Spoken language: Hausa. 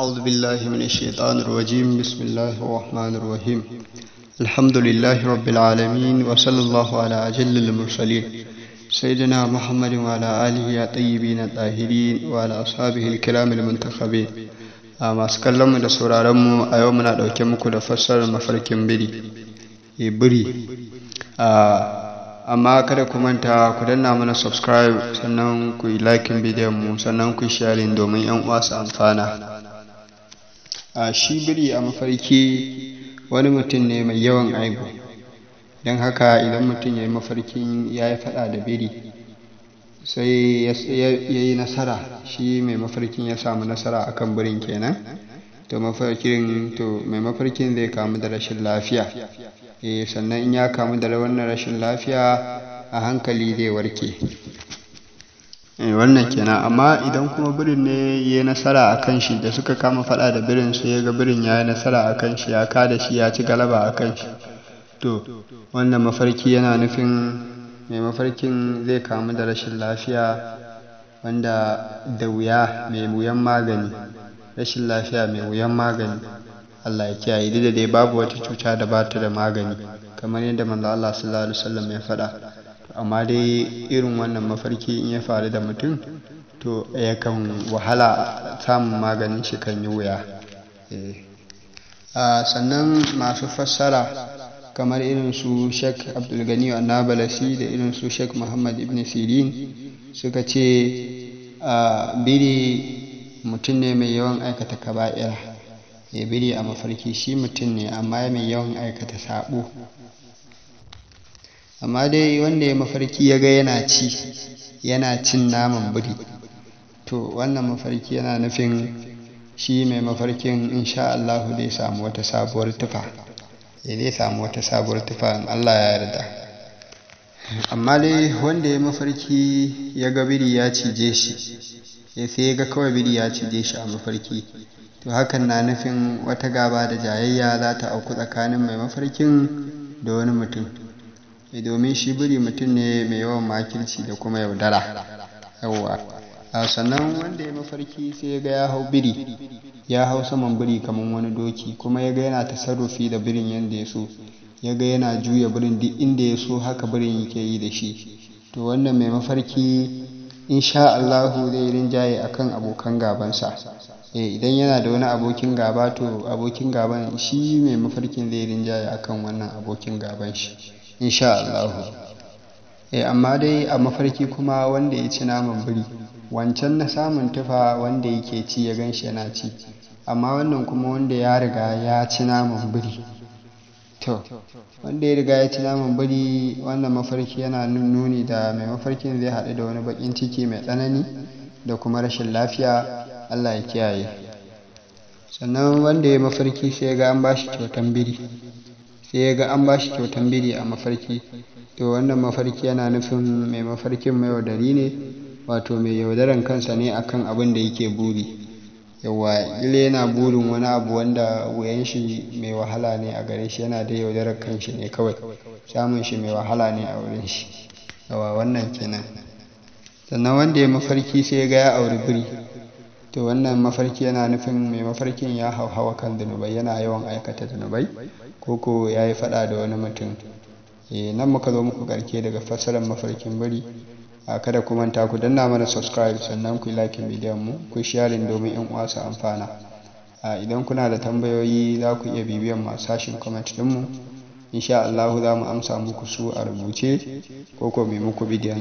أعوذ بالله من الشيطان الرجيم بسم الله الرحمن الرحيم الحمد لله رب العالمين وصلى الله على أجل المرسلين سيدنا محمد وعلى آله الطيبين الطاهرين وعلى أصحابه الكرام المنتخبين أما أسكلم إلى سورة رم أيومنا لو كم كل فسر مفرك بري بري أما كده كمان تا كده نعمل سبسكرايب سنن كوي لايك الفيديو سنن كوي شارين دومي أم واس أنفانا a shi biri a mafarki wani mutum ne mai yawan aibu don haka idan mutum ya yi mafarkin ya yi fada da biri sai ya yi nasara shi mai mafarkin ya samu nasara akan birin kenan to mafarkin to mai mafarkin zai kamu da rashin lafiya eh, sannan in ya kamu da wannan rashin lafiya a hankali zai warke eh wannan kenan amma idan kuma birin ne ya nasara a kan shi da suka kama fada da birin sai ya ga birin ya yi nasara a kan shi ya da shi ya ci galaba a kan shi to wannan mafarki yana nufin mai mafarkin zai kamu da rashin lafiya wanda da wuya mai wuyan magani rashin lafiya mai wuyan magani Allah ya kiyaye da dai babu wata cuta da ba ta da magani kamar yadda manzo Allah sallallahu alaihi wasallam ya faɗa amma dai irin wannan mafarki in ya faru da mutum to yakan wahala samun maganin shi kan yi wuya eh. sannan masu fassara kamar irin su sheik abdulgani annabalasi da irin su sheik muhammad ibn sirin suka ce biri mutum ne mai yawan aikata kaba'ira ya eh, biri a mafarki shi mutum ne amma mai yawan aikata saɓo. amma dai wanda ya mafarki ya ga yana ci yana cin naman biri to wannan mafarki yana nufin shi mai mafarkin insha Allahu zai samu wata sabuwar tufa eh, zai samu wata sabuwar tufa Allah ya yarda amma dai wanda ya mafarki ya ga biri ya cije shi ya eh, sai ya ga kawai biri ya cije shi a mafarki to hakan na nufin wata gaba da jayayya za ta auku tsakanin mai mafarkin da wani mutum Eh, domin shi biri mutum ne mai yawan makilci da kuma yaudara yawwa ah, sannan wanda ya mafarki sai ya ga ya hau biri ya hau saman biri kamar wani doki kuma ya ga yana tasarrufi da birin yadda ya so ya ga yana juya birin duk inda ya so haka birin yake yi da shi to wannan mai mafarki insha Allahu zai rinjaye kan abokan gabansa eh, idan yana da wani abokin gaba to abokin gaban shi mai mafarkin zai rinjaye kan wannan abokin gaban shi insha Allahu eh amma dai a mafarki kuma wanda ya ci naman biri wancan na samun tufa wanda yake ci ya ganshi yana ci amma wannan kuma wanda ya riga ya ci naman biri to wanda ya riga ya ci naman biri wannan mafarki yana nuni da mai mafarkin zai haɗu da wani baƙin ciki mai tsanani da kuma rashin lafiya allah ya kiyaye sannan wanda ya mafarki sai ga an ba shi kyautan biri sai ya ga an ba shi kyautan biri a mafarki to wannan mafarki yana nufin mai mafarkin mai ne wato mai yaudaran kansa ne akan abin da yake buri yawa ile yana burin wani abu wanda wuyan shi mai wahala ne a gare shi yana da yaudarar kanshi ne kawai samun shi mai wahala ne a wurin shi yawa wannan kenan sannan wanda ya mafarki sai ya ga ya auri biri to wannan mafarki yana nufin mai mafarkin ya hauhawa kan zunubai yana yawan aikata zunubai ko ko ya yi fada da wani mutum eh, nan muka zo muku karke daga fassarar mafarkin biri a kada ku manta ku danna mana subscribe sannan ku like bidiyon mu ku sharing domin in uwa su amfana a idan kuna da tambayoyi za ku iya bibiyan mu a sashin comment din mu insha Allah za mu amsa muku su a rubuce ko ko mai muku bidiyon